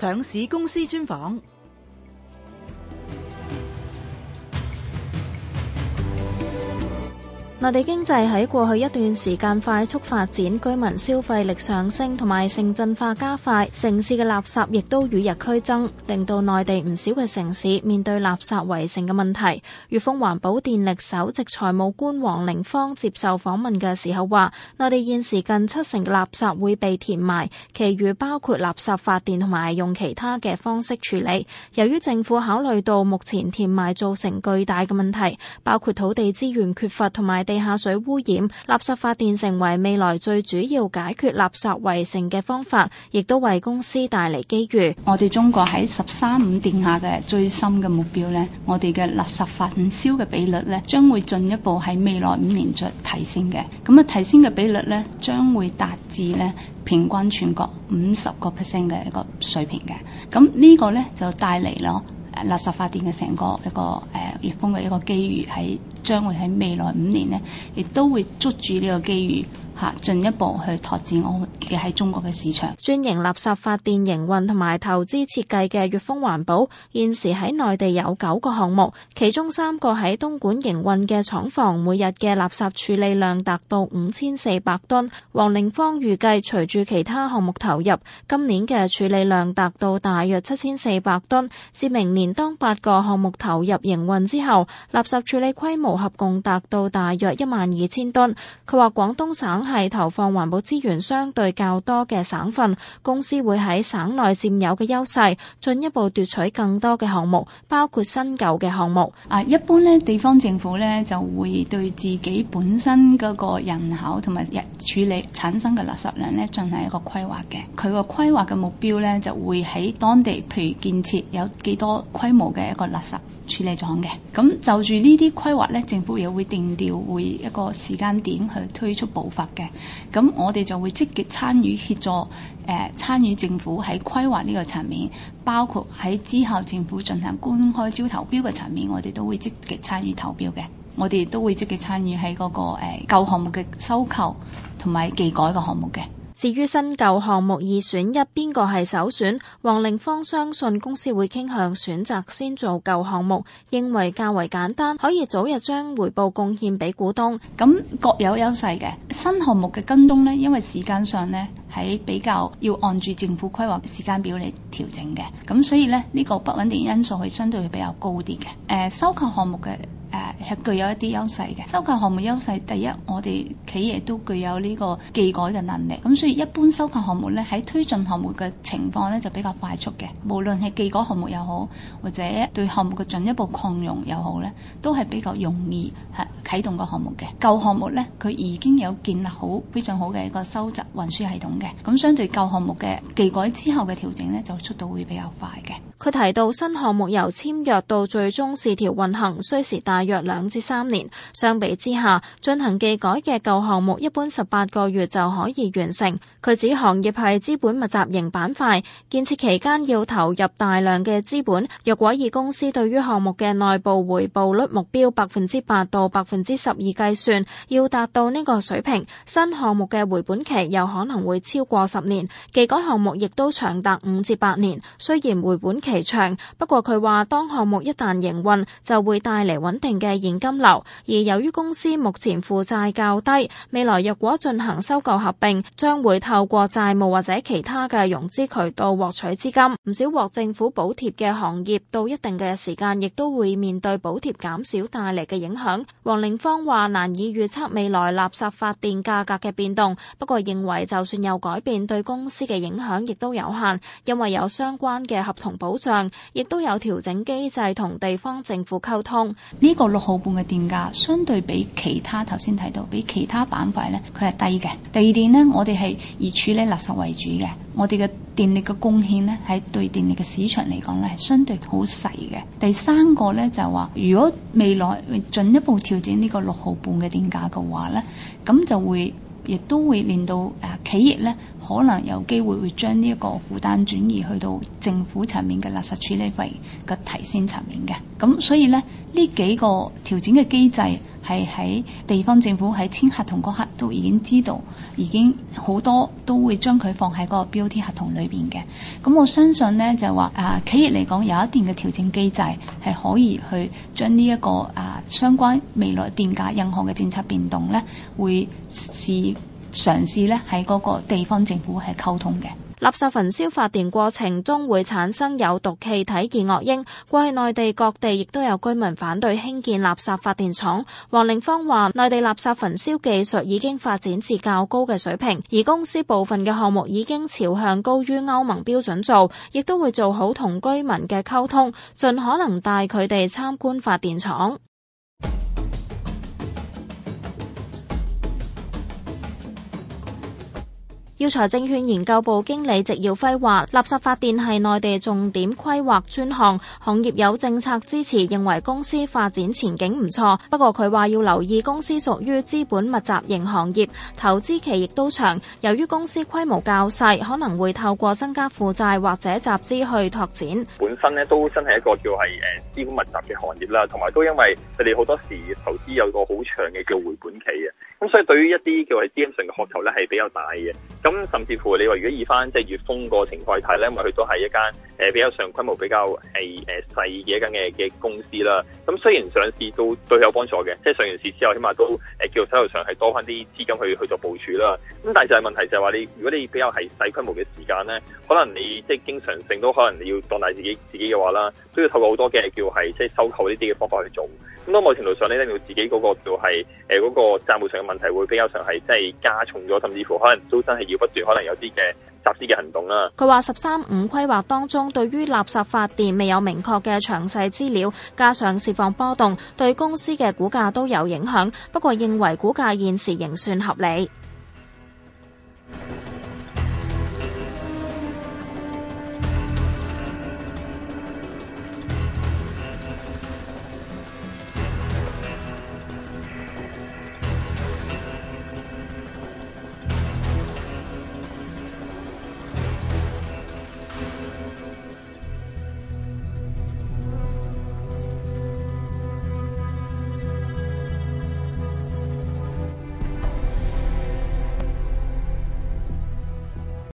上市公司專訪。內地經濟喺過去一段時間快速發展，居民消費力上升，同埋城鎮化加快，城市嘅垃圾亦都與日俱增，令到內地唔少嘅城市面對垃圾圍城嘅問題。粵豐環保電力首席財務官王玲芳接受訪問嘅時候話，內地現時近七成嘅垃圾會被填埋，其餘包括垃圾發電同埋用其他嘅方式處理。由於政府考慮到目前填埋造成巨大嘅問題，包括土地資源缺乏同埋，地下水污染，垃圾發電成為未來最主要解決垃圾圍城嘅方法，亦都為公司帶嚟機遇。我哋中國喺十三五定下嘅最深嘅目標呢，我哋嘅垃圾焚燒嘅比率呢，將會進一步喺未來五年再提升嘅，咁啊提升嘅比率呢，將會達至呢平均全國五十個 percent 嘅一個水平嘅，咁呢個呢，就帶嚟咯。垃圾發電嘅成個一個誒粵豐嘅一個機遇，喺將會喺未來五年咧，亦都會捉住呢個機遇。嚇，進一步去拓展我嘅喺中國嘅市場。專營垃圾發電營運同埋投資設計嘅粵豐環保，現時喺內地有九個項目，其中三個喺東莞營運嘅廠房，每日嘅垃圾處理量達到五千四百噸。王玲芳預計隨住其他項目投入，今年嘅處理量達到大約七千四百噸。至明年當八個項目投入營運之後，垃圾處理規模合共達到大約一萬二千噸。佢話廣東省，係投放環保資源相對較多嘅省份，公司會喺省內佔有嘅優勢，進一步奪取更多嘅項目，包括新舊嘅項目。啊，一般咧，地方政府咧就會對自己本身嗰個人口同埋日處理產生嘅垃圾量咧進行一個規劃嘅。佢個規劃嘅目標咧就會喺當地，譬如建設有幾多規模嘅一個垃圾。處理咗嘅，咁就住呢啲規劃呢，政府又會定調，會一個時間點去推出步伐嘅。咁我哋就會積極參與協助，誒、呃、參與政府喺規劃呢個層面，包括喺之後政府進行公開招投標嘅層面，我哋都會積極參與投標嘅。我哋都會積極參與喺嗰、那個誒、呃、舊項目嘅收購同埋技改嘅項目嘅。至於新舊項目二選一，邊個係首選？王玲芳相信公司會傾向選擇先做舊項目，認為較為簡單，可以早日將回報貢獻俾股東。咁各有優勢嘅新項目嘅跟蹤呢，因為時間上呢，喺比較要按住政府規劃嘅時間表嚟調整嘅，咁所以呢，呢個不穩定因素係相對會比較高啲嘅。誒，收購項目嘅。誒係、uh, 具有一啲優勢嘅。收購項目優勢第一，我哋企業都具有呢個技改嘅能力，咁所以一般收購項目咧，喺推進項目嘅情況咧，就比較快速嘅，無論係技改項目又好，或者對項目嘅進一步擴容又好咧，都係比較容易。啟動個項目嘅舊項目呢，佢已經有建立好非常好嘅一個收集運輸系統嘅，咁、嗯、相對舊項目嘅技改之後嘅調整呢，就速度會比較快嘅。佢提到新項目由簽約到最終試條運行需時大約兩至三年，相比之下進行技改嘅舊項目一般十八個月就可以完成。佢指行業係資本密集型板塊，建設期間要投入大量嘅資本。若果以公司對於項目嘅內部回報率目標百分之八到百分之十二計算，要達到呢個水平，新項目嘅回本期又可能會超過十年，技改項目亦都長達五至八年。雖然回本期長，不過佢話當項目一旦營運，就會帶嚟穩定嘅現金流。而由於公司目前負債較低，未來若果進行收購合併，將會透過債務或者其他嘅融資渠道獲取資金。唔少獲政府補貼嘅行業，到一定嘅時間，亦都會面對補貼減少帶嚟嘅影響。玲芳話難以預測未來垃圾發電價格嘅變動，不過認為就算有改變，對公司嘅影響亦都有限，因為有相關嘅合同保障，亦都有調整機制同地方政府溝通。呢個六毫半嘅電價相對比其他頭先提到，比其他板塊呢，佢係低嘅。第二點呢，我哋係以處理垃圾為主嘅，我哋嘅。電力嘅貢獻咧，喺對電力嘅市場嚟講咧，係相對好細嘅。第三個咧就係話，如果未來會進一步調整呢個六毫半嘅電價嘅話咧，咁就會亦都會令到誒、呃、企業咧。可能有機會會將呢一個負擔轉移去到政府層面嘅垃圾處理費嘅提升層面嘅，咁所以呢，呢幾個調整嘅機制係喺地方政府喺簽合同嗰刻都已經知道，已經好多都會將佢放喺嗰個標簽合同裏邊嘅。咁我相信呢，就係話啊，企業嚟講有一定嘅調整機制係可以去將呢一個啊相關未來電價任何嘅政策變動呢會是，嘗試呢，喺嗰個地方政府係溝通嘅。垃圾焚燒發電過程中會產生有毒氣體二惡英，過去內地各地亦都有居民反對興建垃圾發電廠。王玲芳話：內地垃圾焚燒技術已經發展至較高嘅水平，而公司部分嘅項目已經朝向高於歐盟標準做，亦都會做好同居民嘅溝通，盡可能帶佢哋參觀發電廠。要才證券研究部經理植耀輝話：垃圾發電係內地重點規劃專項，行業有政策支持，認為公司發展前景唔錯。不過佢話要留意公司屬於資本密集型行業，投資期亦都長。由於公司規模較細，可能會透過增加負債或者集資去拓展。本身呢都真係一個叫係誒資本密集嘅行業啦，同埋都因為佢哋好多時投資有個好長嘅叫回本期嘅，咁所以對於一啲叫係資金性嘅渴求咧係比較大嘅。咁甚至乎你話如果以翻即係粵豐個情況睇咧，因為佢都係一間誒比較上規模比較係誒細嘅一間嘅嘅公司啦。咁雖然上市都對佢有幫助嘅，即係上完市之後，起碼都誒叫手頭上係多翻啲資金去去做部署啦。咁但係就係問題就係話你，如果你比較係細規模嘅時間咧，可能你即係經常性都可能你要壯大自己自己嘅話啦，都要透過好多嘅叫係即係收購呢啲嘅方法去做。咁喺某程度上呢，令到自己嗰個就係誒嗰個債務上嘅問題會比較上係即係加重咗，甚至乎可能都真係要不斷可能有啲嘅集資嘅行動啦。佢話：十三五規劃當中對於垃圾發電未有明確嘅詳細資料，加上市況波動，對公司嘅股價都有影響。不過認為股價現時仍算合理。